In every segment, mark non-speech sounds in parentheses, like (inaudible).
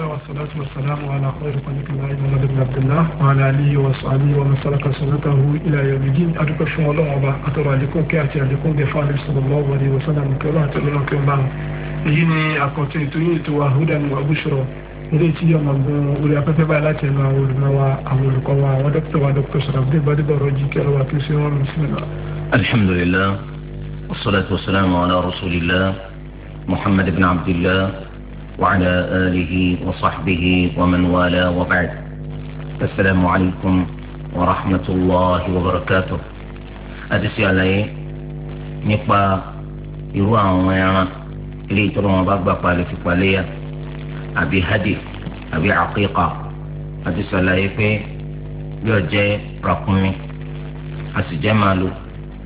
الله والصلاة والسلام على خير خلق الله محمد بن عبد الله وعلى آله وصحبه ومن سلك سنته إلى يوم الدين أدوك فún ọlọ́run ọba àtọ̀rọ̀ àlékún kí àti àlékún gẹ̀ fún àlẹ́ sọ̀rọ̀ lọ́wọ́ wọlé wọ́sán àmì kẹwàá àti ọlọ́run kẹwàá báwọn. èyí ni àkọ́tún ètò yìí ètò àhúdà ní àbúṣọ̀rọ̀ eré tí yọmọ gun orí afẹ́fẹ́ báyìí láti ẹnu àwọn olùmọ̀ wa àwọn olùkọ́ wa àwọn dókítà wa dókítà sọ̀rọ̀ àbúdé gbadébọ̀rọ̀ jí kí ọlọ́wà tó ṣe wọ́n mi sí mi lọ. alhamdulilah wasalaatu wasalaamu ala rasulillah muhammad ibn abdillah وعلى آله وصحبه ومن والاه وبعد السلام عليكم ورحمة الله وبركاته أدسي علي نقبى irú àwọn ẹran ilé ìtọ́rọ wọn bá gbà palẹ̀ fi palẹ̀ yá àbí hadi àbí àkíkà àti sàlàyé pé bí ọjẹ́ ràkúnmí a sì jẹ́ màálù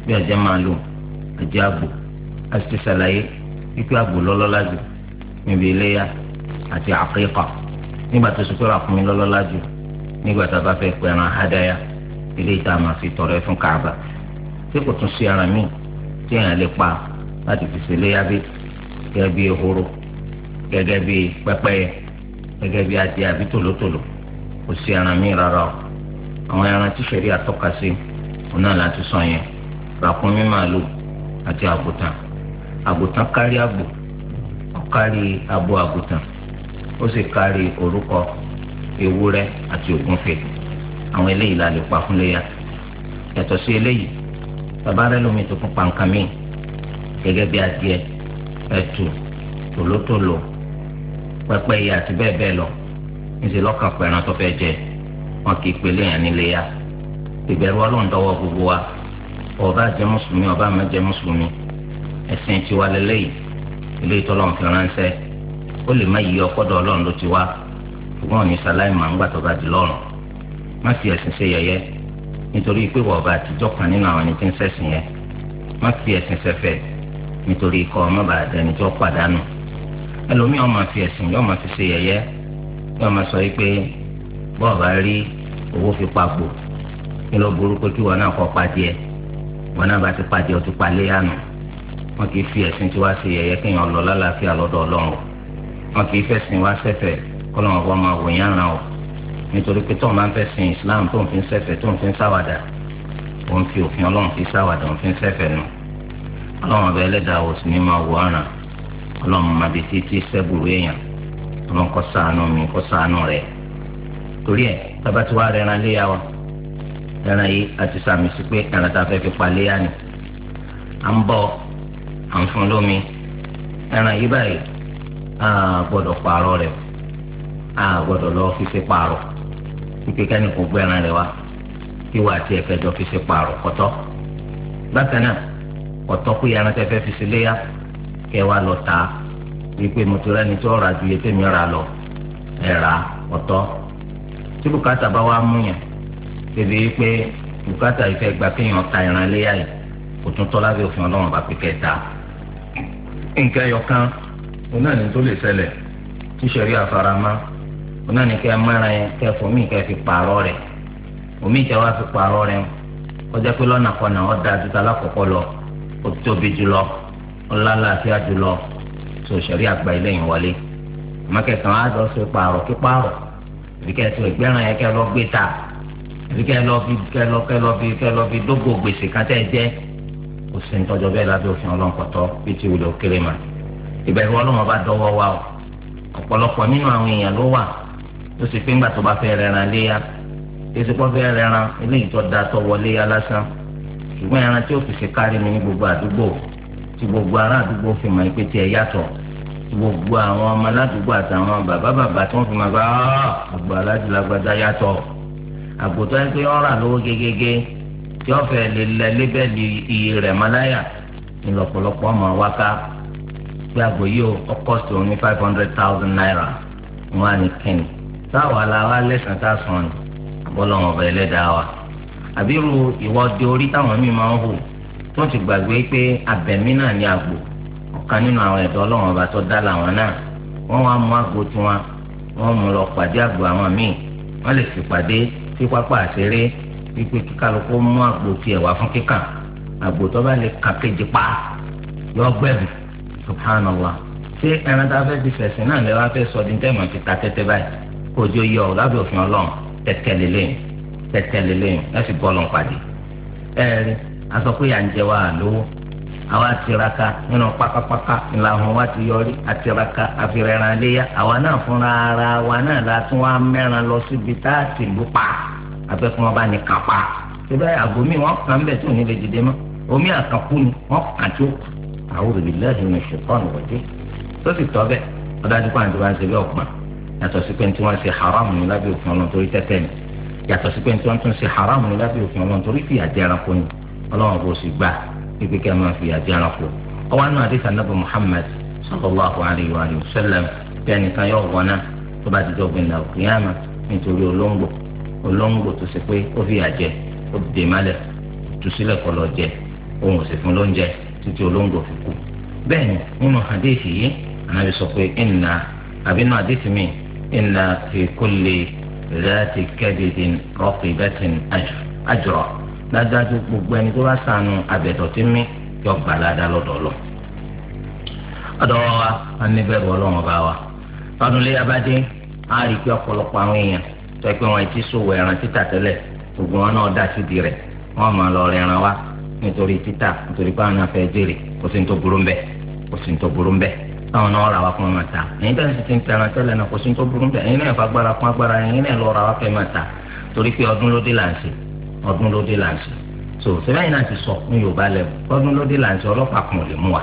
bí ọjẹ́ màálù àjẹ́ àgbò a sì ti sàlàyé pípé àgbò lọ́lọ́lá jù níbi iléyà àti àkíkà nígbà tó sọ pé ràkúnmí lọ́lọ́lá jù nígbà tá a bá fẹ́ pẹ̀ràn àdáyà ilé ìta máa fi tọrẹ fún Kaaba tí kò tún sí ara míì tí èèyàn lè pa láti fi ṣe iléyà bí gẹ́gẹ́ bí ehoro gẹ́gẹ́ bí pẹ́pẹ́yẹ gẹ́gẹ́ bí adìẹ àbí tòlótòló kò sí míì rárá o àwọn ẹran tí sẹ́rí àtọ́ka sí òun náà láti sọ yẹn ràkúnmí màálù àti kárí àgbò ó kárí abo àgùntàn ó sì kárí orúkọ ewúrẹ́ àti ògúnfe àwọn eléyìí la lè pa fún léyà yàtọ̀ sí eléyìí bàbá rẹ lómi tó fún pàǹkà míì gẹ́gẹ́ bí adìẹ ẹtù tòlótòló pẹ́pẹ́yẹ àti bẹ́ẹ̀ bẹ́ẹ̀ lọ níṣẹ́ lọ́kàn pẹ̀ràn tó fẹ́ jẹ wọn kì í pèlè yàn nílé ya, ìbẹ̀rù ọlọ́run gbogbo wa ọba jẹ mùsùlùmí ọba má mùsùlùmí ẹ̀sìn tiwa lélẹ́yìí ilé ìtọ́lọ́run fi ránṣẹ́ ó lè má yí ọkọ́dọ̀ ọlọ́run ló ti wá ṣùgbọ́n ní sáláì ń gbà bá di lọ́rùn má fi ẹ̀sìn ṣe yẹ̀yẹ́ nítorí pé wọ́n bá àtijọ́ nínú àwọn ẹni tí ń ṣẹ̀sìn yẹn sọ pé bọ́ọ̀ bá rí owó fi papò wọn náà kọ́ wọn náà bá ti wọn kì í fi ẹ̀sìn tí wá sí yẹ̀yẹ́ kéèyàn lọ lálàáfíà lọ́dọ̀ ọlọ́run wọn kì í fẹ̀sìn wá sẹ́fẹ̀ kọ́lọ́run ọba máa wòyàn ràn ọ́ nítorí pé tóun máa ń fẹ̀sìn islam tóun fi ń sẹ́fẹ̀ tóun fi ń sáwàdà òun fi òfin ọlọ́run fi sáwàdà òun fi ń sẹ́fẹ̀ nù ọlọ́run ọba ẹlẹ́dàá ò sì ní máa wò ọ̀ràn ọlọ́run máa bi títí sẹ́bùrú èèyàn ọlọ́run kó ṣàánú mi kó ṣàánú rẹ̀ torí wa ẹran yìí àti sàmì sí pé ẹran tá a fẹ́ fi pa léyà à ń fún lómi ẹran yìí báyìí a gbọ́dọ̀ pààrọ̀ rẹ̀ a gbọ́dọ̀ lọ fi ṣe pààrọ̀ pípé kẹ́nìkan gbé ẹran rẹ̀ wá kí wàá tiẹ̀ fẹ́ jọ fi ṣe pààrọ̀ kọ́tọ́ bákan náà kọ́tọ́ kó yẹran tẹ́ fẹ́ fi ṣe léyà kẹ́ wàá lọ tà á wípé mo ti rẹ́ni tó rà ju iye tèmi rà lọ ẹ̀ kọ́tọ́ tí bùkátà bá wàá mú yàn bèbè wípé bùkátà ìfẹ́ gbà kéèyàn ta ìran léyà yìí kò tún tọ́ lábẹ́ òfin ọlọ́run bá pé kẹ́ ta á nǹkan ẹyọkan òun náà ní tó lè ṣẹlẹ̀ tí sẹ̀rí àfaramá òun náà ní kẹ́ ẹ mára yẹn kẹ́ ẹ fòmí kẹ́ ẹ fi pààrọ̀ rẹ̀ òmí ìjà wa fi pààrọ̀ rẹ̀ kọjá pé lọ́nà kọnà ọ̀ da tuta lákòókò lọ ó tóbi jùlọ ó lálàáfíà jùlọ tó sẹ̀rí àgbà ilé yìí wọlé àmọ́ kẹsàn-án á lọ sí pààrọ̀ kí pààrọ̀ ibi kẹsàn-án ìgbẹ́ràn yẹn kẹ́ lọ gbé ta ibi kẹ́ lọ fi kẹ́ lọ kẹ́ lọ fi kẹ́ lọ fi dógò gbèsè kátẹ́ jẹ́ sí ní tọ́jọ́ bẹ́ẹ̀ lábẹ́ òfin ọlọ́nkọ̀tọ́ bí ti wùdọ̀ kéré mà ìbẹ̀rù ọlọ́mọ bá dọ́wọ́ wa o ọ̀pọ̀lọpọ̀ nínú àwọn èèyàn ló wà tó sì pé ńgbà tó bá fẹ́ rẹran léyà èsì pọ́ fẹ́ rẹran eléyìí tó da tó wọlé ya lásán ṣùgbọ́n ẹran tí ó fi ṣe kárí mi ní gbogbo àdúgbò tí gbogbo ará àdúgbò fi mọ̀ pé tiẹ̀ yàtọ̀ tí gbogbo àwọn ọmọ aládùúgbò àtàwọn bàbá bàbá tí wọ́n fi máa ah, bá gbogbo aládùúgbò àgbàdá yàtọ̀ àgbòtọ́ ẹgbẹ́ ọ̀rà lówó gégége tí wọ́n fẹ́ lè lẹ lébẹ́lì iye rẹ̀ mọ́láyà ní lọ́pọ̀lọpọ̀ ọmọ wáká pé àgbò yìí ó kọ́sì òun ní five hundred thousand naira wọn á ní kẹ́ni táwa la wá lẹ́sàn tá a sàn ni bọ́lọ́wọ́n ọba ẹlẹ́dàá wa àbírú ìwọ́de orí táwọn míì máa ń hù tó ti gbàgbé pé abẹ̀mí náà ní àgbò ọ̀kan nínú àwọn ẹ̀dọ́ ọlọ́wọ́n ọba tó dá làwọn náà wọ́n wá mú àgbo tiwọn wọ́n mú lọ pàdé àgbò àwọn míì wọ́n lè sì pàdé sí pápá àṣeré wípé kíkàlùkù mú àpò tiẹ̀ wá fún kíkà àpò tó bá lè kà kejì pa yọ gbẹ̀bù subhanallah ṣé ẹran tá a fẹ́ ti fẹ̀sìn náà lẹ́wọ́ fẹ́ sọ ní tẹ́ẹ̀mọ̀ ti ta tẹ́tẹ́ báyìí kòjó yọ ọ lábẹ́ òfin ọlọ́run tẹ́tẹ́ lélẹ́yìn tẹ́tẹ́ lélẹ́yìn láti bọ́ ọlọ́run pàdé ẹ̀ẹ́rì aṣọ pé à ń jẹ wa lówó àwa tiraka nínú pákápáká ìlànà wa ti yọrí àtiraka àfìrẹ́ràn léyà àwa náà fúnra ara wa náà la tún wá mẹ́ran lọ síbi tá a ti lù pa abẹ́kùn ọba ní kápá síbẹ̀ àgọ́ mi wọ́n kàn bẹ̀ tí ò ní lè dìde mọ́ omi àkàkú ni wọ́n kàn tó àwọn olùbílẹ̀ ìmọ̀ ìṣèpọ̀nù wọ̀dé tó sì tọ́ bẹ́ẹ̀ ọ̀dájú pàǹtí wá ń ṣe bí ọ̀pọ̀ yàtọ̀ sí pé tí wọ́n ṣe haram ní lábẹ́ òfin ọlọ́run torí tẹ́tẹ́ ni yàtọ̀ sí pé tí wọ́n tún ṣe haram ní lábẹ́ òfin ọlọ́run torí fìyà jẹ ẹranko ni ọlọ́run kò sì gbà pípé kẹ́ máa fìyà jẹ ẹranko ọwọ́ àná àdéhùn anábì Muhammad sallallahu alayhi wa sallam bí ẹnìkan yóò wọ́n náà tó bá ti dọ̀gbìn náà kìí nítorí olóńgbò olóńgbò tó ṣe pé ó fi àjẹ ó dè málẹ̀ tú sílẹ̀ kọ́ lọ jẹ òun ò sì fún lóúnjẹ títí olóńgbò fi kú bẹ́ẹ̀ ni nínú hadith yìí ànábi sọ pé ìnà àbí nínú hadith mi ìnà fi kulli dhati kabidin raqibatin ajra dájúdájú gbogbo ẹni tó bá sànù abẹ́tọ̀ tí mí yọ gbàládà lọ́dọọlọ́ ọ̀dọ̀ wa wọn níbẹ̀ bọ́ lọ́wọ́ bá wa tọdún lé abájẹ́ rí i pé ọ̀pọ̀lọpọ̀ àwọn èèyàn tọ́ pé wọn ti ṣòwò ẹran títà tẹ́lẹ̀ gbogbo wọn náà dá sí di rẹ̀ wọ́n máa lọ rẹran wá nítorí títà nítorí pé àwọn náà fẹ́ jèrè kò sí ní tó burú ń bẹ̀ kò sí ní tó burú ń bẹ̀ táwọn náà rà wá fún wọn máa ta ẹ̀yin tẹ́lẹ̀ sì ti ń tẹran tẹ́lẹ̀ náà kò sí ní tó burú ń ẹ̀yin náà fa agbára kún agbára ẹ̀yin náà lọ rà wá fẹ́ máa ta torí pé ọdún ló dé là ọdún ló dé là so sẹ́fẹ̀yìn náà ti sọ ní Yorùbá lẹ́wọ̀ ọdún ló dé là ń ṣe ọlọ́pàá kan ò lè mú wa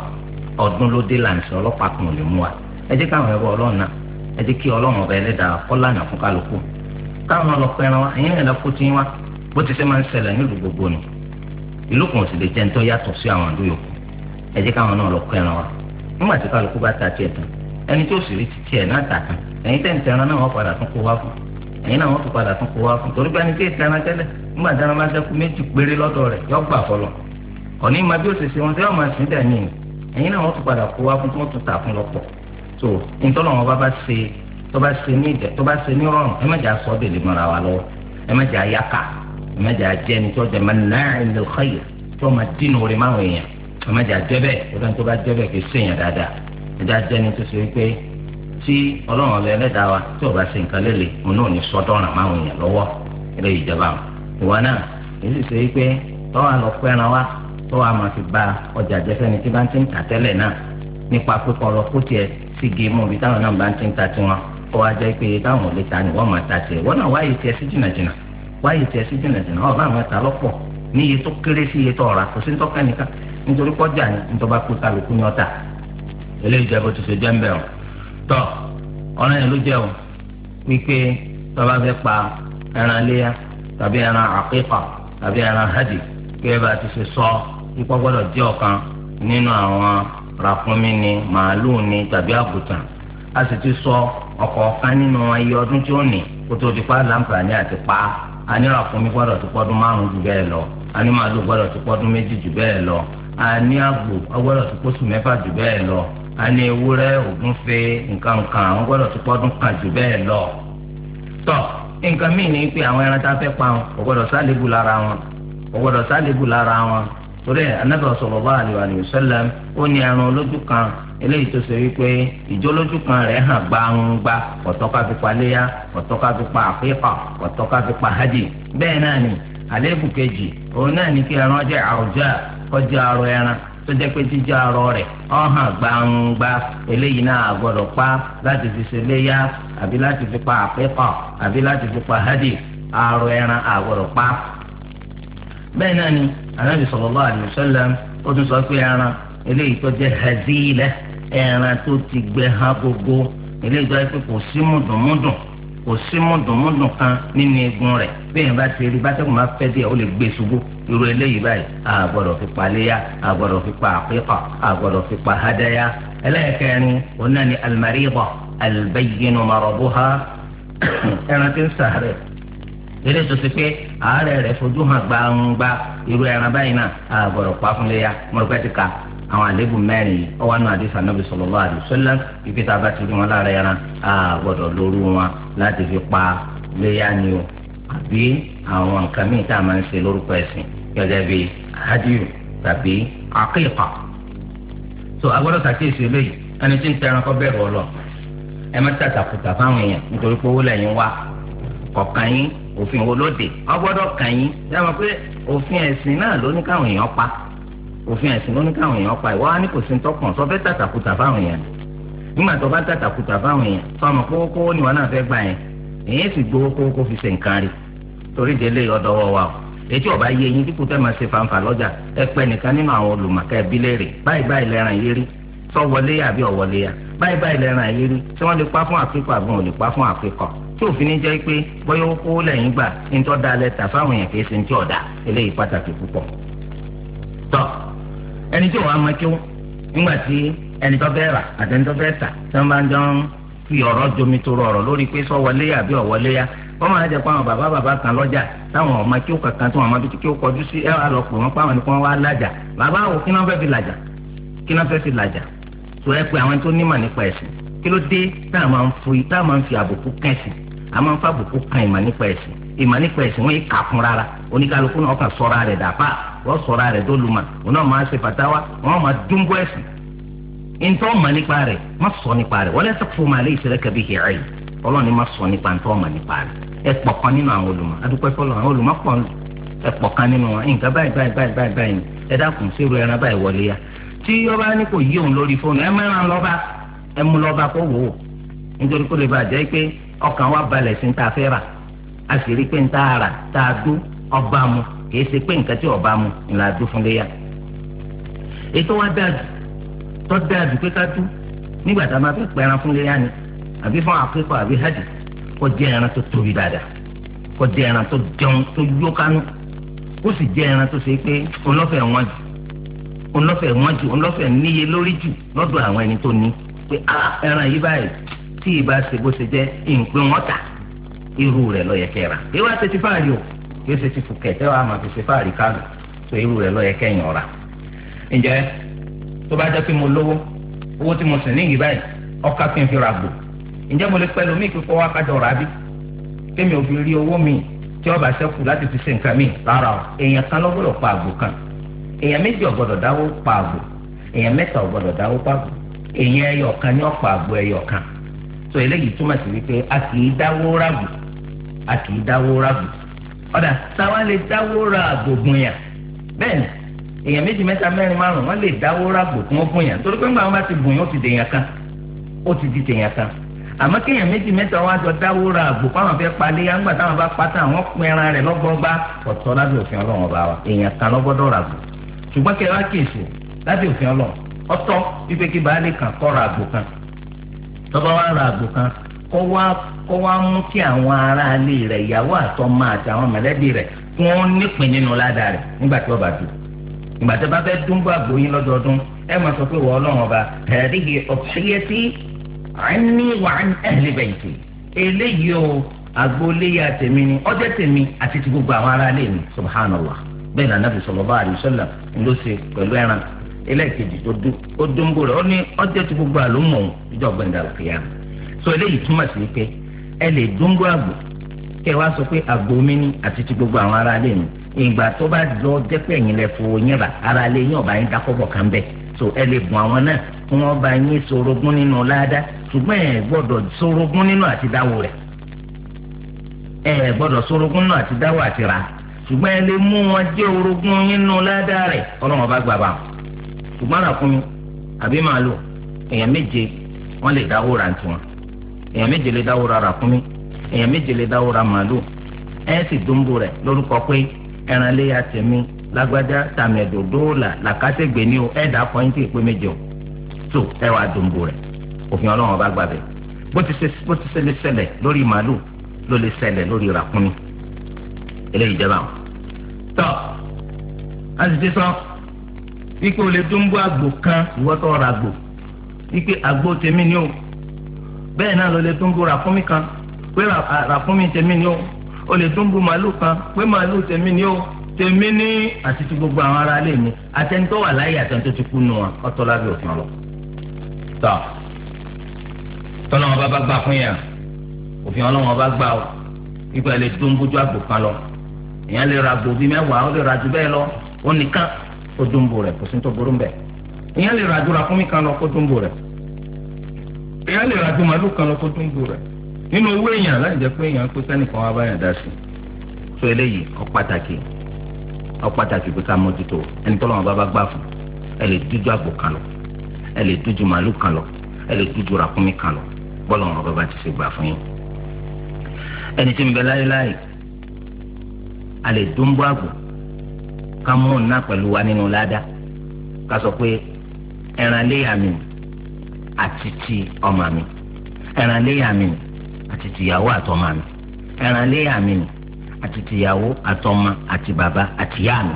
ọdún ló dé là ń ṣe ọlọ́pàá kan lè mú wa ẹ jẹ́ káwọn ẹ̀rọ ọlọ́run ẹ jẹ́ kí ọlọ́run ọba ẹlẹ́dàá kọ́ lànà fún kálukú káwọn lọ pẹran wa ẹ̀yin ẹ̀lọ́ kó tí wá bó ti ṣe máa ń ṣẹlẹ̀ nílùú gbogbo ni ìlú kan sì lè jẹ́ ń tọ́ yàtọ̀ sí àwọn àdúyò kù ẹ jẹ́ káwọn náà wa nígbà tí kálukú bá ta tiẹ̀ tán ẹni tí ó sì rí ti tiẹ̀ náà tà tán ẹ̀yin tẹ̀ ń tẹran náà wọ́n padà tún kó wá fún náà wọ́n tún padà tún kó wá fún tí tó bá ṣe ní ìdẹ tó bá ṣe ní rọrùn ẹ má jà sọ bèlè mọ́ra wa lọ́wọ́ ẹ má jà yaka ẹ má jà jẹ́ ni tó jẹ́ máa náà ń lè xeyè tó máa dínú rẹ̀ máa wọ̀nyẹn ẹ má jà jẹ́ bẹ́ẹ̀ tó dáa tó bá jẹ́ bẹ́ẹ̀ kì í sèyàn dáadáa ẹ já jẹ́ ni tó ṣe wípé tí ọlọ́run ọ̀lẹ́ ẹlẹ́dàá wa tí ò bá ṣe nǹkan lélẹ̀ òun náà ní sọ́dọ̀ràn máa wọ̀nyẹn lọ́wọ́ ilé ìjọba ìwọ náà èyí ṣe wípé tọ́wọ́ àlọ́ pẹ́ran wa tọ́wọ́ ó wá jẹ́ pé táwọn lè ta ni ma máa ta tiẹ̀ wọ́n náà wáyé tiẹ̀ sí jìnnàjìnnà wáyé tiẹ̀ sí jìnnàjìnnà ọ àwọn ta lọ́pọ̀ ní iye tó kéré sí iye tó ọ̀rà kò sí nítọ́ka nìkan nítorí ni nítorí pé kálukú ni eléyìí bó ti ṣe ń ọ̀nà yẹn ló o wípé fẹ́ pa ẹran hadi kí ẹ bá sọ ipò ọkan nínú àwọn ni màálù ni tàbí àgùtàn a sì sọ ọ̀kọ̀ọ̀kan nínú iye ọdún tí ó nì kó tó ti pa láǹfààní àti pa a ní ràkúnmí gbọ́dọ̀ ti pọdún márùn-ún jù bẹ́ẹ̀ lọ a ní màálù gbọ́dọ̀ ti pọdún méjì jù bẹ́ẹ̀ lọ a ti lọ ti kan lọ. nǹkan ni pé àwọn ẹran tá a fẹ́ torí anabi sallallahu alaihi wasallam ó ní ẹran olójú kan eléyìí tó ṣe wípé ìjọ olójú kan re hàn gbàǹgbà ọ̀tọ̀ ká fi pa léyà ọ̀tọ̀ ká fi pa àkíkà hajj bẹ́ẹ̀ náà ni àléébù kejì òun náà ní kí ẹran jẹ́ àwùjá kọjá arọ ẹran tó jẹ́ pé jíjá arọ rẹ̀ ó hàn eléyìí náà pa láti fi ṣe léyà àbí láti bẹ́ẹ̀ náà ni anabi sallallahu alaihi wasallam ó tún sọ pé ẹran eléyìí tó jẹ́ hazilẹ̀ ẹran tó ti gbẹ hàn gbogbo eléyìí tó jẹ́ pé kò sí mùdùnmùdùn kò sí mùdùnmùdùn kan nínú eegun rẹ̀ bẹ́ẹ̀ bá ti rí bátẹ́kùn máa fẹ́ díẹ̀ ó lè gbé ṣubú irú eléyìí báyìí àgbọ̀dọ̀ fi pa àgbọ̀dọ̀ fi pa àpékà àgbọ̀dọ̀ fi pa hádáyà ẹlẹ́ẹ̀kẹrin òun ni almarida albayyinu marabuha (coughs) eré tó ṣe pé àárẹ̀ rẹ̀ fojú hàn gbangba irú ẹran báyìí náà àgbọ̀dọ̀ pa fún léyà mọ̀rọ̀pẹ́ ti ka àwọn àlébù mẹ́rin yìí ọwọ́ àná àdìsá nàbì sallallahu alaihi wasallam ibi tá a bá ti rí wọn lára ẹran wọn láti fi pa ni o àbí àwọn nǹkan míì tá a máa ń ṣe lórúkọ ẹ̀sìn gẹ́gẹ́ bíi hadiyu tàbí so agbọ́dọ̀ eléyìí ẹni tí ń tẹran kọ́ òfin wo lóde wọn gbọ́dọ̀ kàn yín dábàá pé òfin ẹsìn náà ló èèyàn pa òfin ẹ̀sìn ló pa ìwọ wa ní kò sí tọkàn sọ fẹ tàtàkùtà fáwọn èèyàn nígbà tó bá tàtàkùtà fáwọn èèyàn sọmọ kówókówó ni wọn náà fẹ́ gbà yẹn fi ṣe nǹkan rí torí o ọba yé yín dípò tẹ́ máa ṣe fanfa lọ́jà ẹ pẹ́ nìkan nínú àwọn olùmọ̀kẹ́ báyìí báyìí lẹ́ràn yé rí sọ wọlé àbí ọ̀wọ́lé báyìí báyìí lẹ́ràn yé rí tí wọ́n lè pa fún tí òfin ní jẹ́ pé bóyá ó kó lẹ́yìn gbà ní tó da lẹ́tà fáwọn èèyàn kì í ṣe ní tí ọ̀dà eléyìí pàtàkì púpọ̀. tọ́ ẹni tí òun á máa kí nígbà tí ẹni tó fẹ́ rà àti ẹni tó fẹ́ tà tí wọ́n bá ń jọ ń fi ọ̀rọ̀ jomi toro ọ̀rọ̀ lórí pé sọ wọlé yá àbí ọ̀wọlé yá wọ́n máa jẹ́ pé bàbá bàbá kan lọ́jà táwọn ọmọ kí ó kankan tí wọ́n máa bí kí ó kọjú sí ẹ̀ wá pè wọ́n páwọn ni kí wọ́n wá lájà bàbá wo kí náà fẹ́ fi làjà kí náà fẹ́ fi làjà tó ẹ pé àwọn tó nímọ̀ nípa ẹ̀sìn kí ló dé táwọn máa ń fi àbùkù kẹ́sìn a máa ń fa àbùkù kan ìmọ̀ nípa ẹ̀sìn ìmọ̀ nípa ẹ̀sìn wọ́n yìí kà fún rárá oníkálukú náà kàn sọ́ra rẹ̀ dàpá wọ́n sọ́ra rẹ̀ dólùmọ̀ wọn náà máa ṣe fàtàwá wọn máa dúnbó ẹ̀sìn ntọ́ mọ̀ nípa rẹ̀ má sọ nípa rẹ̀ wala taqfu ma laysa laka bihi ilm ọlọ́ni má sọ nípa ntọ́ mọ̀ nípa rẹ̀ ẹ pọ̀ kan nínú àwọn olùmọ̀ adúpẹ́ fọlọ́ àwọn olùmọ̀ pọ̀ ẹ pọ̀ kan nínú wọn nǹkan báyìí báyìí báyìí báyìí báyìí ẹ dákun sí irú ẹran báyìí wọlé ya tí ọba ní kò yí òun lórí fóònù ẹ mẹ́ràn lọ́ba ẹ mú lọ́ba kó wò ó nítorí kó lè ọkàn wa balẹ̀ sí ta fẹ́ rà a sì rí pé ń ta ara tá a dún ọba mu kì í ṣe pé nǹkan tí ọba mu ni la dún fún léyà ètò wa dáàdù tó dáàdù pé ká dún nígbà tá a máa fi pẹran fún léyà ni àbí fún àkókò àbí hajj kó jẹ́ ẹran tó tóbi dáadáa kó jẹ́ ẹran tó jẹun tó yó kánú ó sì jẹ́ ẹran tó ṣe pé olọ́fẹ̀ wọn jù olọ́fẹ̀ wọn jù olọ́fẹ̀ níye lórí jù lọ́dọ̀ àwọn ẹni tó ní pé ah, ẹran yìí báyìí tí ìbá ṣe bó ṣe jẹ́ ìpín wọn tà irú rẹ̀ ló yẹ kẹ́ ra kí wọ́n o kí ó ṣe ti fùkẹ́ wàá máa fi ṣe fáàrí kánù mo lówó owó tí mo ní yìí ra gbò ǹjẹ́ fi rí owó mi tí ọba láti fi nǹkan mi o èèyàn kan ló pa àgbò kan èèyàn méjì dáwó pa àgbò èèyàn mẹ́ta dáwó pa àgbò èèyàn kan sọ eléyìí túmọ̀ sí wípé a kì í dáwó ra bù a kì í dáwó ra bù ọ̀dà táwa lè dáwó ra àgbògùn yà bẹ́ẹ̀ ni èèyàn méjì mẹ́ta mẹ́rin márùn wọ́n lè dáwó ra àgbògùn fún yà torí pé ńgbà wọn bá ti gùn yà ó ti dèèyàn kan ó ti di dèèyàn kan àmọ́ kéèyàn méjì mẹ́ta wá jọ dáwó ra àgbò fáwọn fẹ́ palẹ̀ yà táwọn bá pátá àwọn pẹran rẹ̀ lọ́gbọ́ngbá ọ̀tọ̀ lábẹ́ tọ́ba wa ra àgbò kan kọ́ wá kọ́ wá mú kí àwọn aráalé rẹ̀ ìyàwó àtọmọ àtàwọn mẹ̀lẹ́bí rẹ̀ kí nípìn nínú ládàá rẹ̀ nígbà tí wọ́n bá ìgbà tí sọ pé wọ́n ọba ẹ̀ẹ́dìgì ọ̀pẹ́yẹsí àní wà á ẹ̀lẹ́ bẹ̀yìntì ya tèmi ni ọjọ́ tèmi àti ti gbogbo àwọn aráalé mi subhanallah bẹ́ẹ̀ ni anabi sallallahu alaihi wasallam ẹlẹ́ẹ̀kejì tó dún ó dún bò rẹ̀ ó ní ọjọ́ tí gbogbo àlómọ̀ òun ìjọba ìdàlùkìyà so eléyìí túmọ̀ sí pé ẹ lè dún bò àgbò kẹ wá sọ pé àgbo mi ni àti ti gbogbo àwọn ará ilé ìgbà tó bá lọ jẹ́ pé ẹ̀yin lẹ fowó yín rà ara ilé yín ọba yín dákọ́bọ̀ kan bẹ́ẹ̀ so ẹ lè bùn àwọn náà kí wọ́n bá yín sorogún nínú ládàá ṣùgbọ́n ẹ gbọ́dọ̀ sorogún nínú àti dáwó rẹ̀ ẹ gbọ́dọ̀ sorogún nínú àti dáwó àti rà ṣùgbọ́n ẹ lè mú wọn jẹ́ orogún nínú ládàá rẹ̀ ọlọ́run ọba gbà wọn ṣùgbọ́n ràkúnmí àbí màálù èèyàn méje wọ́n lè dáwó ra tiwọn èèyàn méje lè dáwó ra ràkúnmí èèyàn méje lè dáwó ra màálù ẹ̀ sì dúnbò rẹ̀ lórúkọ pé ẹran léya tèmi lágbájá tàmẹ̀dò dóòlà làkàtẹ́gbẹ̀ ni o ẹ̀ dà pọ́ìntì ìpè méje o tó ẹ wàá dúnbò rẹ̀ òfin ọlọ́run ọba gbàbẹ̀ bó ti ṣe lè ṣẹlẹ̀ lórí màálù ló lè ṣẹlẹ̀ lórí ràkúnmí eléyìí jẹ́ báwọn. tọ́ a sì ti sọ wípé o lè dún bó àgbò kan ìwọ tó ra àgbò wípé àgbò tèmi ni o bẹ́ẹ̀ náà ló lè dún bó ràfúnmi kan pé ràfúnmi tèmi ni o o lè dún bó màálù kan pé màálù tèmi ni o tèmi ní àti ti gbogbo àwọn ará ilé mi àtẹnitọ́ wà láyé àtẹnitọ́ ti kú nù wọn ọtọ́ lábẹ́ òfin lọ. tọ́ tọ́lọ́wọ́n bá bá gbà fún yà òfin ọlọ́wọ́n bá gbà ó ìgbà lè dún bójú àgbò kan lọ ìyẹn lè ra àgbò bíi mẹ́wàá ó lè ra jù bẹ́ẹ̀ lọ ó nìkan kó dúnbò rẹ̀ kò sí tó burú bẹ́ẹ̀ ìyẹn lè ra dúra fún mi kan lọ kó dúnbò rẹ̀ ìyẹn lè ra dùmàlú kan lọ kó dúnbò rẹ̀ nínú owó èèyàn láti jẹ́ pé èèyàn pé sẹ́nìkan wá báyàn dá sí so eléyìí ó pàtàkì ó pàtàkì pé ká mójútó ẹni tọ́lọ́wọ́n bá bá gbà fún ẹ lè dúdú àgbò kan lọ ẹ lè dúdú màálù kan lọ ẹ lè dúdú ràkúnmí kan lọ bọ́lọ́wọ́n bá bá ti ṣe gbà fún yín ẹni ká mú un náà pẹ̀lú wa nínú ládàá ká sọ pé ẹran léyà mi àti ti ọmọ mi ẹran léyà mi àti tìyàwó àtọmọ mi ẹran léyà mi àti tìyàwó àtọmọ àti bàbá àti yá mi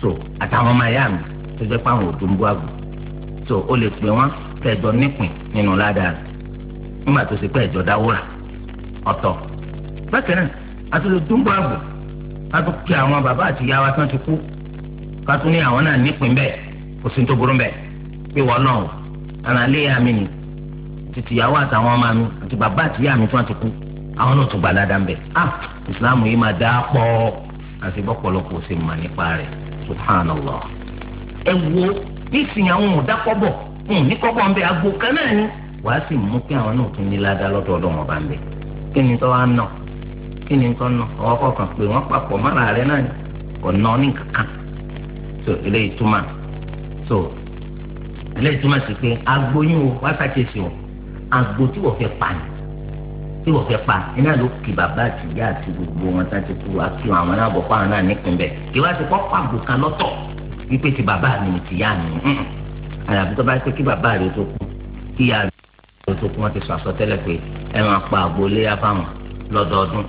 so àtàwọn ọmọ yá mi tó jẹ́ pé ò dùn bú àgùn so o lè pè wọ́n kẹjọ nípìn nínú ládàá nígbà tó ṣe pé ẹjọ dáwó rà ọ̀tọ̀ bákan náà àti lè dùn bú àgùn ká tó pe àwọn bàbá àti ìyá wa tán ti kú ká tó ní àwọn náà nípìn bẹ́ẹ̀ kò sí tó burú bẹ́ẹ̀ pé wọ́n náà ara lé ya mi ni títí ìyàwó àtàwọn ọmọ mi àti bàbá àti ìyá mi tán ti kú àwọn náà tún gbà dáadáa ń bẹ̀ ah ìsìláàmù yìí máa dáa pọ̀ àti bọ́pọ̀lọpọ̀ sì mà nípa rẹ̀ subhanallah ẹ wo nísìnyí àwọn ò dákọ́bọ̀ ń ní kọ́bọ̀ ń bẹ àgbo kan náà ni wàá sì mú kí àwọn náà tún ní ládàá lọ́dọọdọ wọn bá ń bẹ kí ni tọ́wọ́ náà kí ni nǹkan nù ọwọ́ kọ̀ọ̀kan pé wọ́n papọ̀ mọ́ra rẹ náà ni ọ̀nà ní kankan so eléyìí túmọ̀ so eléyìí túmọ̀ sí pé agbóyún o wá sàkíyèsí o agbo tí wọ́n fẹ́ pa ni tí wọ́n fẹ́ pa iná ló kì bàbá àti ìyá àti gbogbo wọn tá ti kú àti àwọn náà bọ̀ fáwọn náà nìkan bẹ̀ kí wá ti kọ́ pàgbò kan lọ́tọ̀ wípé ti bàbá mi ti yá mi àyàfi tó bá pé kí bàbá rẹ tó kú kí ìyá rẹ tó kú wọn ti sọ àsọtẹ́lẹ̀ pé ẹ máa pa àgbo léyà fáwọn lọ́dọọdún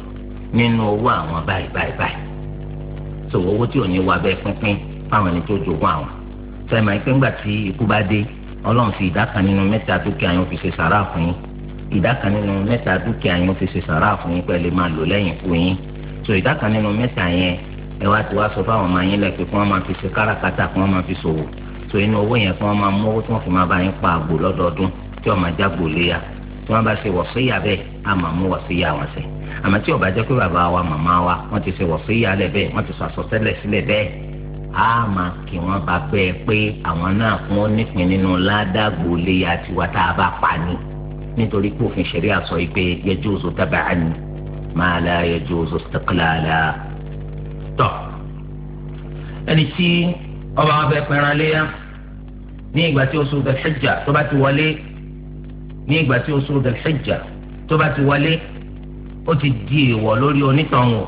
nínú owó àwọn báyìí báyìí báyìí so owó tí ò ní wà bẹ́ẹ̀ pínpín fáwọn ẹni tó jogún àwọn sẹ́mi pé ńgbà tí ikú bá dé ọlọ́run fi ìdá kan nínú mẹ́ta dúkìá yẹn fi ṣe sàrà fún yín ìdá kan nínú mẹ́ta dúkìá yẹn fi ṣe sàrà fún yín pẹ̀lú máa lò lẹ́yìn fún yín so ìdá kan nínú mẹ́ta yẹn ẹ wá ti wá sọ fáwọn ọmọ yín lẹ́pẹ́ kí wọ́n máa fi ṣe káràkátà kí wọ́n máa fi ṣòwò so inú owó yẹn kí wọ́n máa mú owó tí wọ́n fi máa bá yín pa àgbò lọ́dọọdún tí wọ́n máa jágbó léya tí wọ́n bá ṣe wọ̀síyà bẹ́ẹ̀ á máa mú wọ̀síyà wọn sẹ́yìn àmọ́ tí ó bá jẹ́ pé bàbá wa màmá wa wọ́n ti ṣe wọ̀síyà lẹ̀ bẹ́ẹ̀ wọ́n ti sọ àsọtẹ́lẹ̀ sílẹ̀ bẹ́ẹ̀ á máa kí wọ́n bá pẹ́ pé àwọn náà fún ó nípìn nínú ládàgbò lé àtiwá tá a bá pa ni nítorí pé òfin ṣẹ̀rí àsọ yìí pé yajuzu taba'an ma la yajuzu istiqlala tọ̀ ẹni tí ọba wọn fẹ́ pẹran léyà ní ìgbà tí oṣù Dhul-Hijjah tó bá ti wọlé ní ìgbà tí oṣù Dhul-Hijjah tó bá ti wọlé ó ti di èèwọ̀ lórí onítọ̀hún o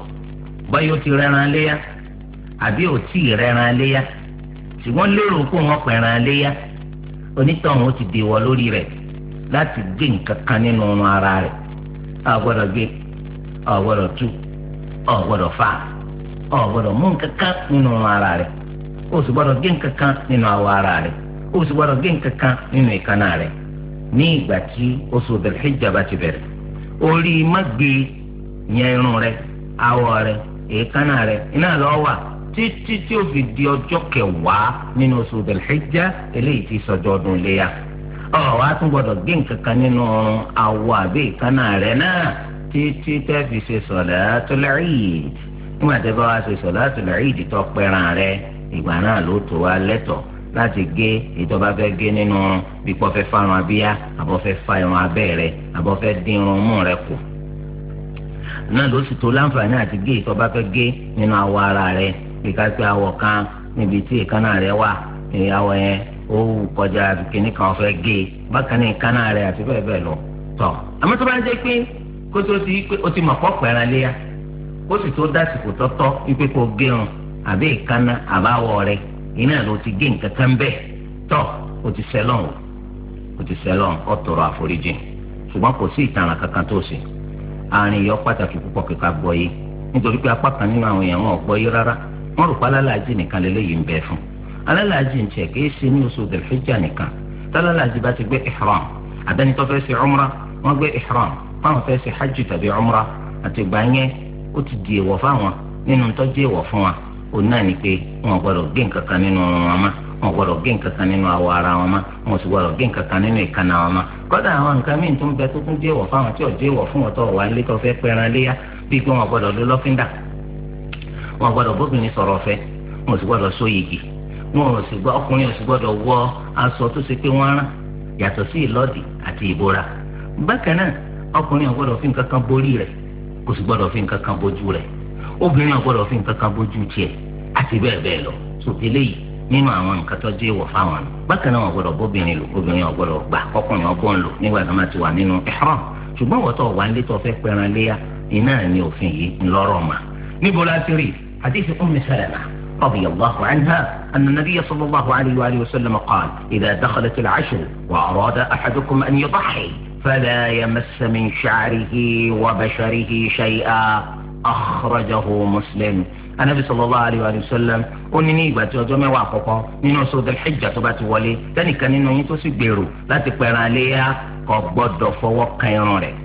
báyìí ó ti rẹran léyà àbí ò rẹran léyà ṣùgbọ́n lérò kó wọn pẹ̀ran léyà onítọ̀hún ó ti di èèwọ̀ lórí rẹ̀ láti gbé nǹkan kan nínú ọrùn ara rẹ̀ a gbọ́dọ̀ gbé a gbọ́dọ̀ tú gbọ́dọ̀ fà gbọ́dọ̀ mú nǹkan kan nínú ọrùn ara rẹ̀ ó sì gbọ́dọ̀ gé nǹkan kan nínú awọ ara rẹ̀ ó sì gbọ́dọ̀ orí magbe yẹn irun rẹ awọ rẹ èékánná rẹ iná lọ wà títí tí ó fi di ọjọ́ kẹwàá nínú oṣù Dhul-Hijjah eléyìí ti sọjọ́ ọdún léyà ọ wá tún gbọdọ̀ gé nǹkan kan nínú awọ àbí èékánná rẹ náà títí tẹ́ fi ṣe Salatul Eid nígbà tẹ́ bá wá ṣe Salatul Eid tó pẹ́ràn rẹ ìgbà náà ló tó wá lẹ́tọ̀ọ́. láti gé ìjọba fẹ́ gé nínú irun bí kò fẹ́ farun abíyá àbọ̀ fẹ́ fa irun abẹ́ rẹ àbọ̀ fẹ́ dín irun mú rẹ kù. náà ló sì tó láǹfààní àti gé ìjọba fẹ́ nínú awọ ara rẹ awọ kan níbi tí rẹ wà yẹn ó wù kọjá kan fẹ́ gé bákan ní rẹ àti bẹ́ẹ̀ bẹ́ẹ̀ lọ àmọ́ tó o ti mọ̀ pọ̀ pẹ̀rẹ̀ léyà sì iná ló ti gé nǹkan kan bẹ́ẹ̀ tọ́ o ti sẹ́lọ̀n o o ti sẹ́lọ̀n ọ tọrọ àforíjìn ṣùgbọ́n kò sí ìtara kankan tó ṣe àárín yọ pàtàkì púpọ̀ kíkà gbọ́ yé nítorí pé apá kan nínú àwọn èèyàn wọn ò gbọ́ yé rárá wọ́n rò pé alálàájì nìkan lélẹ́yìí ń bẹ fún alálàájì ń tiẹ̀ kìí ṣe ní oṣù dẹ̀fẹ́jà nìkan tálálàájì bá ti gbé àdánitọ́ fẹ́ ṣe gbé fáwọn fẹ́ ṣe hajj tàbí àti ó ti di èèwọ̀ fáwọn nínú tọ́jú èèwọ̀ fún wa òun náà ni pé wọn gbọ́dọ̀ gé nǹkan kan nínú ọrùn wọn má wọn gbọ́dọ̀ gé nǹkan nínú awọ ara wọn má wọn sì gbọ́dọ̀ gé nǹkan kan nínú ìkànnà wọn má kódà àwọn nǹkan míì tó ń bẹ tó tún jẹ́ ìwọ̀ fáwọn tí ò jẹ́ ìwọ̀ fún wọn tó wà nílé tó fẹ́ pẹran léyà pé wọn wọn obìnrin náà gbọ́dọ̀ fi nǹkan kan bójú tiẹ̀ àti bẹ́ẹ̀ bẹ́ẹ̀ lọ sòtẹ́ léyìí nínú àwọn nǹkan tó jẹ́ ìwọ̀ fáwọn nù bákan náà wọ́n gbọ́dọ̀ bóbìnrin lò obìnrin ọ̀gbọ́dọ̀ gbà ọkùnrin ọgbọ́n lò nígbà tó máa ti wà nínú ihram ṣùgbọ́n wọ́n tó wà nílé tó fẹ́ pẹran léyà iná ni òfin yìí ń lọ́rọ̀ mà níbo la ti rí hadith Ummu Salama radiyallahu anha أن النبي صلى الله عليه وآله وسلم قال إذا دخلت العشر وأراد أحدكم أن يضحي فلا يمس من شعره وبشره شيئا akhrajahu muslim anabi sallallahu alayhi wa sallam ó ní ní ìgbà tí ọjọ́ mẹ́wàá àkọ́kọ́ nínú sọ́dọ̀ hijja tó bá ti wọlé tẹ́nìkan nínú yín tó sì gbèrò láti pẹ̀ràn léyà kò gbọ́dọ̀ fọwọ́ kan irun rẹ̀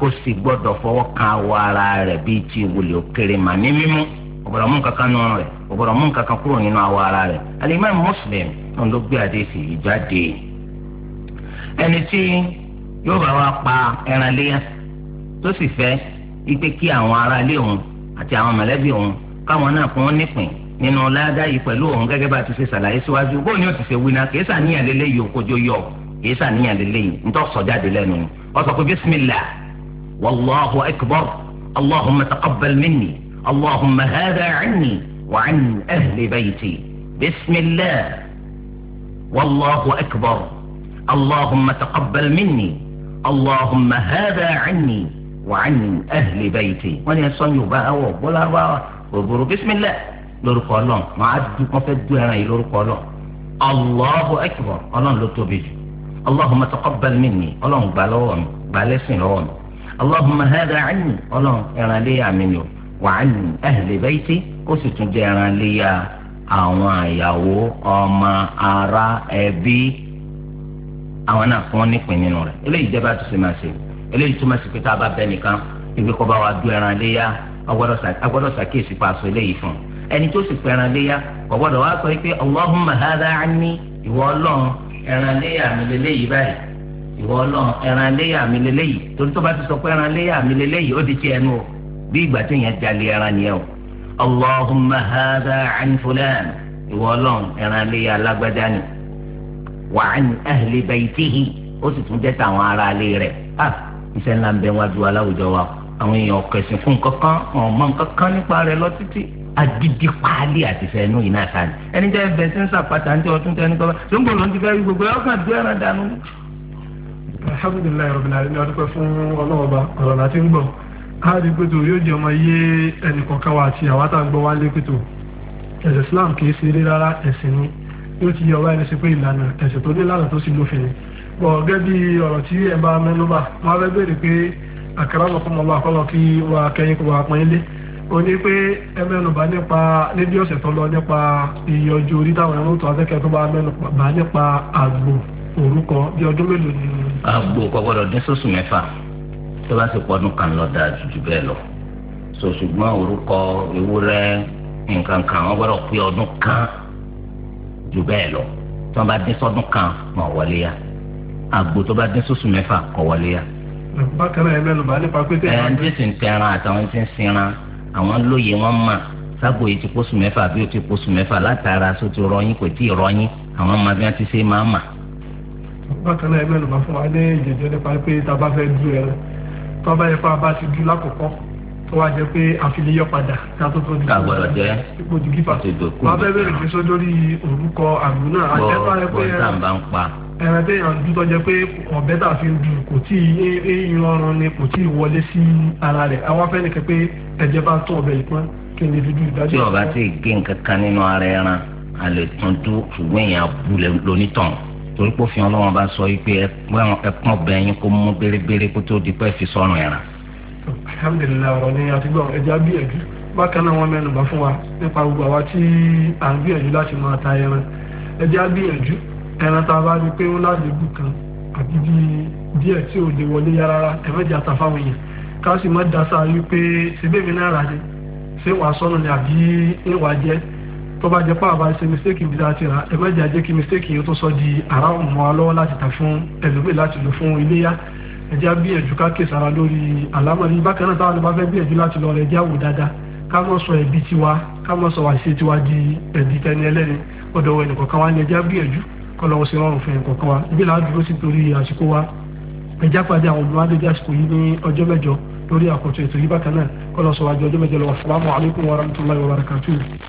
kò sì gbọ́dọ̀ fọwọ́ kan awọ ara rẹ̀ bíi ti wòlé òkèrè mà ní mímú ọ̀gbọ̀dọ̀ mú nǹkan kan nínú rẹ̀ mú nǹkan kúrò nínú awọ ara rẹ̀ alimami muslim náà ló gbé àdéhìí ìjáde ẹni tí yóò bá wa pa ẹran léyà tó sì fẹ́ ipe kí àwọn aráalé ilé òun àti àwọn mọ̀lẹ́bí òun káwọn náà fún wọn nípìn nínú ládàá yìí pẹ̀lú òun gẹ́gẹ́ bá a ti ṣe ṣàlàyé síwájú bóun ni ó ti ṣe wí náà kì í sàníyàn lélẹ́yìí òkòjó yọ kì í lélẹ́ yìí ntọ́ sọ jáde lẹ́nu ni wọ́n sọ pé bismillah wàlláhu akbar allahumma taqabbal minni allahumma hadha anni wa an ahli bayti bismillah wàlláhu akbar allahumma taqabbal minni allahumma hadha anni. وعن أهل بيتي wọ́n ní ẹ̀sọ́ yorùbá awọ̀ bọ́lárúbáwá òbúrò bísímilẹ̀ lórúkọ ọlọ́run máa dùn wọ́n fẹ́ dùn ẹran yìí lórúkọ ọlọ́run allahu akbar ọlọ́run ló tóbi jù allahumma taqabbal o ara ẹbí àwọn náà fún nípìn nínú rẹ eléyìí túmọ̀ sí pé tá a bá bẹ nìkan ìwé kọ́ bá wa du ẹran léyà agbọ́dọ̀ sàkíyèsí pàṣẹ eléyìí fún ẹni tó sì pẹ̀ràn léyà kò gbọ́dọ̀ wá sọ pé Allahumma hadha anni ìwọ ọlọ́run ẹran léyà mi lélẹ́yìí báyìí ìwọ ọlọ́run ẹran léyà mi lélẹ́yìí torí tó bá ti sọ pé ẹran léyà mi lélẹ́yìí ó ti ti ẹnu o bí ìgbà tó yẹn jalè ẹran nìyẹn o Allahumma hadha an fulan ìwọ ọlọ́run ẹran léyà lágbájá ni wa an ahli baytihi ó sì tún jẹ́ tàwọn ará ilé rẹ̀ ah iṣẹ́ ńlá ń bẹ wá ju aláwùjọ wa àwọn èèyàn ọ̀kẹ́sìn fún kankan ọ̀mọ kankan nípa rẹ̀ lọ títí agidi paálí àti fẹnú yìí náà sáni ẹni tẹ bẹ sí ń sàpàtà ní ọdún tẹ ní kọfà tó ń bọ̀ ló ń ti fẹ́ rí gbogbo ọkàn dúró ẹran dànù. alhamdulilayi rabbil alamin adúpẹ́ fún ọlọ́ọ̀ba ọ̀rọ̀ láti ń gbọ̀ á rí pẹ̀tù yóò jẹ́ ọmọ yé ẹnìkọ̀ọ̀kan wa àti àwọn àtàgbọ́ wa lé pẹ̀tù ẹ̀sìn Islam kì í ṣeré rárá ẹ̀sìn ni yóò ti yẹ ọba ẹni sí pé ìlànà ẹ̀sìn tó dé lánàá tó sì lófin ni bọ̀ gẹ́gẹ́ bí ọ̀rọ̀ tí ẹ̀ bá mẹ́nu bà wọ́n fẹ́ béèrè pé àkàrà ọ̀pọ̀ mọ̀ bá kọ́lọ̀ kí wà kẹ́yìn kó wà pín lé o ní pé ẹ mẹ́nu bà nípa níbi ọ̀sẹ̀ tó lọ nípa iye ọjọ́ orí táwọn ẹ̀rọ tó afẹ́kẹ́ tó bá mẹ́nu bà nípa àgbò orúkọ bí ọdún mélòó ni. àgbò kò gbọdọ̀ dín sóṣù mẹ́fà tó bá ti pọnú kan lọ dáa jù jù bẹ́ẹ̀ lọ so ṣùgbọ́n orúkọ ewúrẹ́ nǹkan kan wọ́n gbọ́dọ̀ pé ọdún kan jù bẹ́ẹ̀ lọ tí wọ́n bá dín sọ́dún kan wọn wọlé ya àgbo tó bá dín sóṣù mẹ́fà kọ̀ wọlé ya. bákan náà ẹgbẹ́ ló bá nípa pété. ẹ ń tẹ̀sí ń tẹran àtàwọn tí ń sinran àwọn lóye wọn mà ságo yìí ti pósù mẹ́fà bí o ti pósù mẹ́fà látara so ti rọyìn kò tí ì rọyìn àwọn ọmọ bí ti ṣe máa mà. bákan náà ẹgbẹ́ fún wa ní jẹjẹrẹ nípa pé tá a bá fẹ́ dú ẹran tó bá yẹ fún abá ti dú lákòókò tó wá jẹ pé àfilẹ́yọ̀ padà kátó tó di ipò di gífà wọ́n fẹ́ bẹ̀rẹ̀ pé sọ lórí orúkọ àgbo náà àtẹ́fà rẹ pé ẹran tẹ yàn dúdọ jẹ pé ọbẹ tà fi dù kò tí ì rọrùn ni kò tí ì wọlé sí ara rẹ àwọn afẹnikẹ pé ẹ̀jẹ̀ bá tún ọbẹ ìpọn kí ni dúdú ìdájọ́. tí ọba ti gé nǹkan kan nínú ara ẹran a lè tún dún ṣùgbọ́n èèyàn bu lónítàn torí pé òfin ọlọ́wọ́n bá sọ wípé ẹpọ́n alhamdulilayi ọ̀rọ̀ ni àti gbọ́ ẹja gbìyànjú bákan náà wọ́n mẹ́nu bá fún wa nípa gbogbo àwa tí à ń gbìyànjú láti máa ta ẹran ẹja gbìyànjú ẹran tá a bá rí pé ó ládìgbù kan àbí bí díẹ̀ tí ò lè wọlé yára rárá ẹ̀mẹ́jì àtàfáwọn èèyàn ká sì mọ́ dasa wípé síbèmí náà rà ní ṣé wàá sọnù ni àbí ìwà jẹ́ tó bá jẹ́ pé àbá ṣe mistake bí dáa ti rà ẹ̀mẹ́jì àjẹ́ kí mistake yìí tó sọ di àrà ọ̀mọ́ wa lọ́wọ́ láti tà fún ẹlòmíì láti lò fún iléyà ẹjẹ́ á gbìyànjú ká ké sara lórí àlámọ̀rí bákan náà táwọn ọba fẹ́ gbìyànjú láti lọ rẹ̀ ẹjẹ́ àwò dáadáa ká sọ ẹ̀bí tiwa ká sọ àṣìṣe tiwa di ẹ̀bí tẹni ẹlẹ́ni ọ̀dọ̀ wẹ̀ nìkọ̀kan wa ni ẹjẹ́ á gbìyànjú kọ́ lọ́wọ́ sí rọrùn fún ẹnìkọ̀kan wa ibi làá dúró sí torí àsìkò wa ẹjẹ́ àpàdé àwọn olùwádìí àsìkò yìí ní ọjọ́ mẹ́jọ lórí àkọ́tún ètò yìí bákan náà kọ́ lọ́sọ̀wájú ọjọ́ mẹ́jọ lọ́wọ́ salamu alaykum wa rahmatulahi wa barakatuhu.